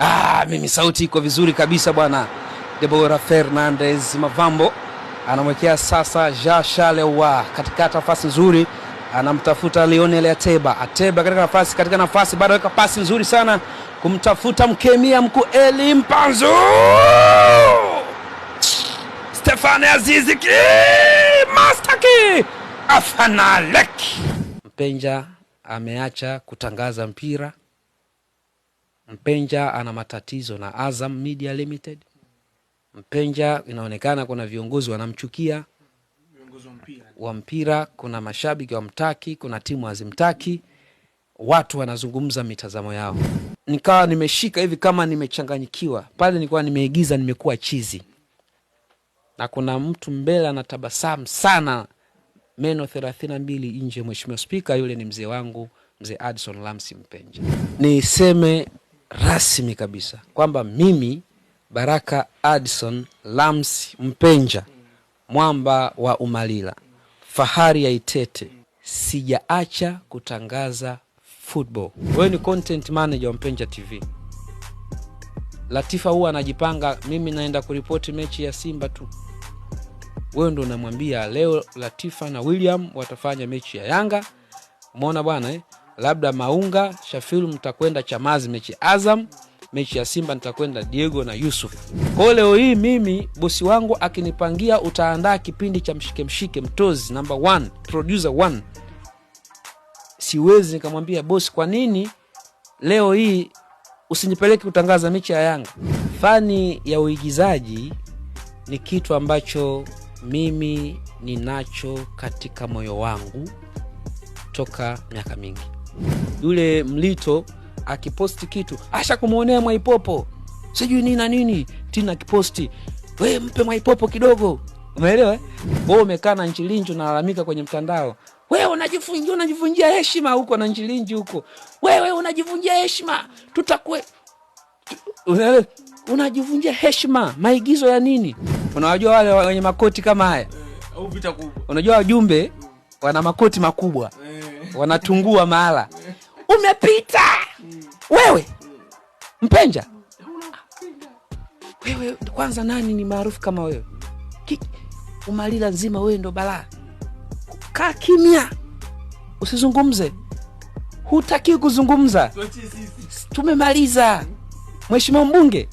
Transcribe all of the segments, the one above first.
Ah, mimi sauti iko vizuri kabisa bwana. Debora Fernandez Mavambo anamwekea sasa Ja Shalewa katika nafasi nzuri, anamtafuta Lionel Ateba. Ateba katika nafasi katika nafasi bado weka pasi nzuri sana kumtafuta mkemia mkuu Eli Mpanzu. Stefane Azizi ki master ki afanalek Mpenja ameacha kutangaza mpira. Mpenja ana matatizo na Azam Media Limited. Mpenja inaonekana kuna viongozi wanamchukia wa mpira, kuna mashabiki wa mtaki, kuna timu hazimtaki, watu wanazungumza mitazamo yao. Nikawa nimeshika hivi kama nimechanganyikiwa pale, nilikuwa nimeigiza nimekuwa chizi, na kuna mtu mbele anatabasamu sana, meno thelathini na mbili nje. Mheshimiwa Spika, yule ni mzee wangu, mzee Adson Lamsi Mpenja. Niseme rasmi kabisa kwamba mimi Baraka Addison Lams Mpenja mwamba wa Umalila fahari ya Itete sijaacha kutangaza football. Wewe ni content manager wa Mpenja TV. Latifa huwa anajipanga, mimi naenda kuripoti mechi ya Simba tu, wewe ndo unamwambia leo Latifa na William watafanya mechi ya Yanga. Umeona bwana eh? labda Maunga Shafiru, mtakwenda Chamazi mechi Azam, mechi ya Simba nitakwenda Diego na Yusuf. Kwa leo hii mimi bosi wangu akinipangia utaandaa kipindi cha mshike mshike mtozi number one, producer one. Siwezi nikamwambia bosi, kwa nini leo hii usinipeleke kutangaza mechi ya Yanga? Fani ya uigizaji ni kitu ambacho mimi ninacho katika moyo wangu toka miaka mingi yule Mlito akiposti kitu asha kumwonea Mwaipopo sijui nini na nini, Tina kiposti we mpe Mwaipopo kidogo, umeelewa? Wewe eh? umekaa na Nchilinji unalalamika kwenye mtandao, wewe unajifunjia unajivunjia heshima huko na Nchilinji huko, wewe unajivunjia heshima, tutakwe unajivunjia heshima. Maigizo ya nini? Unawajua wale wenye makoti kama haya, eh, unajua wajumbe wana makoti makubwa eh wanatungua mahala, umepita wewe mpenja wewe. Kwanza nani ni maarufu kama wewe? Umalila nzima wewe ndo balaa. Kaa kimya, usizungumze. hutakii kuzungumza, tumemaliza. mweshimia mbunge,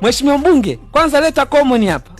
mweshimia eh, mbunge, kwanza leta komoni hapa.